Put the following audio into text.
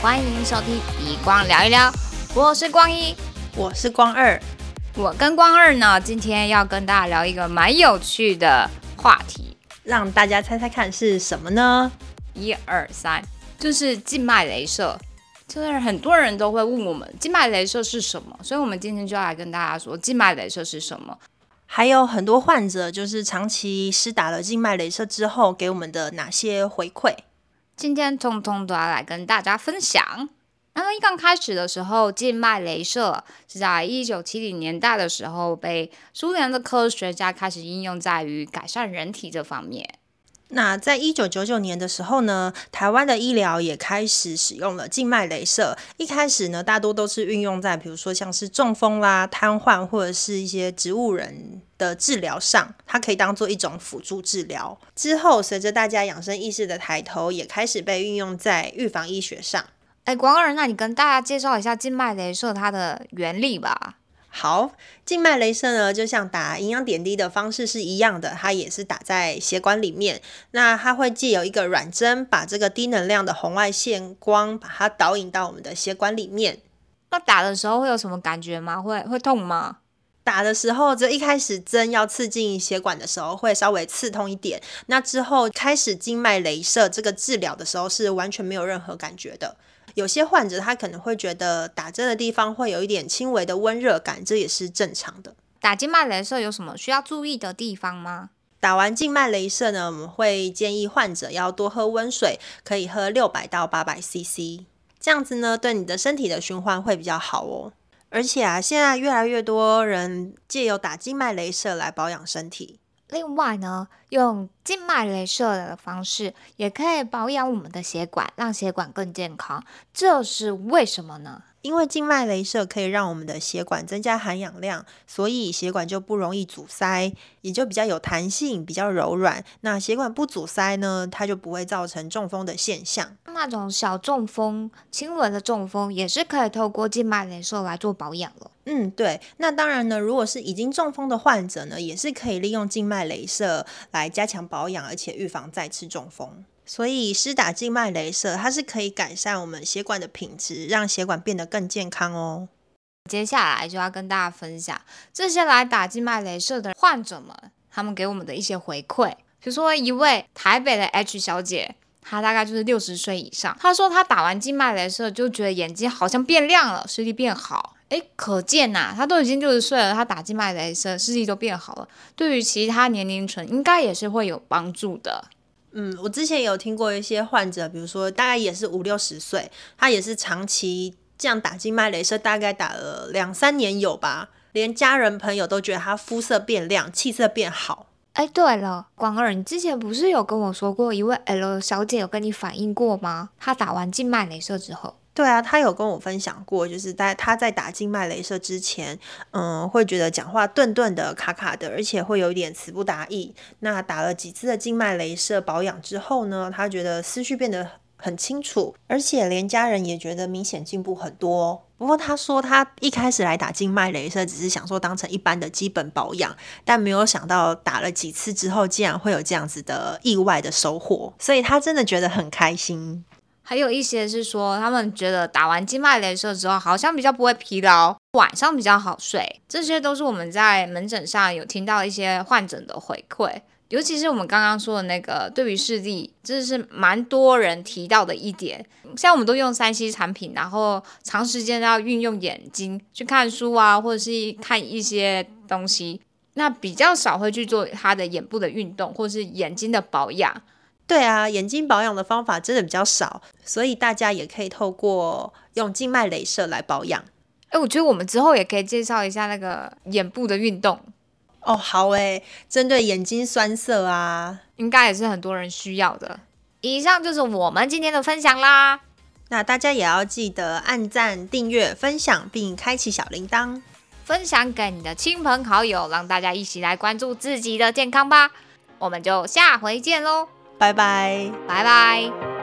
歡迎收聽以光聊一聊，我是光一，我是光二，我跟光二呢，今天要跟大家聊一個蠻有趣的話題，讓大家猜猜看是什麼呢？一二三，就是靜脈雷射。就是很多人都會問我們靜脈雷射是什麼，所以我們今天就要來跟大家說靜脈雷射是什麼。還有很多患者就是長期施打了靜脈雷射之後給我們的哪些回饋。今天通通都要來跟大家分享。那一剛開始的時候，靜脈雷射是在一九七零年代的時候，被蘇聯的科學家開始應用在於改善人體這方面。那在一九九九年的時候呢，台灣的醫療也開始使用了靜脈雷射。一開始呢，大多都是運用在比如說像是中風啦、癱瘓或者是一些植物人。的治療上，它可以當做一種輔助治療。之後，隨着大家養生意識的抬頭，也開始被運用在預防醫學上。哎、欸，廣告人，那你跟大家介紹一下靜脈雷射它的原理吧。好，靜脈雷射呢，就像打營養點滴的方式是一樣的，它也是打在血管裡面。那它會借由一個軟針，把這個低能量的紅外線光，把它導引到我們的血管裡面。那打的時候會有什麼感覺嗎？會會痛嗎？打的時候，就一開始針要刺進血管的時候會稍微刺痛一點，那之後開始靜脈雷射這個治療的時候是完全沒有任何感覺的。有些患者他可能會覺得打針的地方會有一點輕微的溫熱感，這也是正常的。打靜脈雷射有什麼需要注意的地方嗎？打完靜脈雷射呢，我們會建議患者要多喝溫水，可以喝六百到八百 CC，這樣子呢，對你的身體的循環會比較好哦。而且啊，現在越來越多人借由打靜脈雷射來保養身體。另外呢，用靜脈雷射的方式也可以保養我們的血管，讓血管更健康。這是為什麼呢？因為靜脈雷射可以讓我們的血管增加含氧量，所以血管就不容易阻塞，也就比較有彈性、比較柔軟。那血管不阻塞呢，它就不會造成中風的現象。那種小中風、輕微的中風也是可以透過靜脈雷射來做保養了。嗯，對。那當然呢，如果是已經中風的患者呢，也是可以利用靜脈雷射來加強保養，而且預防再次中風。所以，施打靜脈雷射，它是可以改善我們血管的品質，讓血管變得更健康哦。接下來就要跟大家分享這些來打靜脈雷射的患者們，他們給我們的一些回饋。比如說，一位台北的 H 小姐，她大概就是六十歲以上，她說她打完靜脈雷射就覺得眼睛好像變亮了，視力變好。哎，可見吶、啊，她都已經六十歲了，她打靜脈雷射視力都變好了，對於其他年齡層應該也是會有幫助的。嗯，我之前有聽過一些患者，比如說大概也是五六十歲，他也是長期這樣打靜脈雷射，大概打了兩三年有吧，連家人朋友都覺得他膚色變亮，氣色變好。哎，欸、對了，廣兒，你之前不是有跟我說過一位 L 小姐有跟你反映過嗎？她打完靜脈雷射之後。對啊，他有跟我分享過，就是在他在打靜脈雷射之前，嗯，會覺得講話頓頓的、卡卡的，而且會有一點詞不達意。那打了幾次的靜脈雷射保養之後呢，他覺得思緒變得很清楚，而且連家人也覺得明顯進步很多哦。不過他說，他一開始來打靜脈雷射只是想說當成一般的基本保養，但沒有想到打了幾次之後，竟然會有這樣子的意外的收穫，所以他真的覺得很開心。還有一些是說，他們覺得打完靜脈雷射之後，好像比較不會疲勞，晚上比較好睡。這些都是我們在門診上有聽到一些患者的回饋，尤其是我們剛剛說的那個對於視力，這是蠻多人提到的一點。像我們都用三 C 產品，然後長時間要運用眼睛去看書啊，或者是看一些東西，那比較少會去做他的眼部的運動，或是眼睛的保養。對啊，眼睛保養的方法真的比較少，所以大家也可以透過用靜脈雷射來保養。哎、欸，我覺得我們之後也可以介紹一下那個眼部的運動哦。好誒、欸，針對眼睛酸澀啊，應該也是很多人需要的。以上就是我們今天的分享啦，那大家也要記得按讚、訂閱、分享，並開啟小鈴鐺，分享給你的親朋好友，讓大家一起來關注自己的健康吧。我們就下回見嘍。拜拜，拜拜。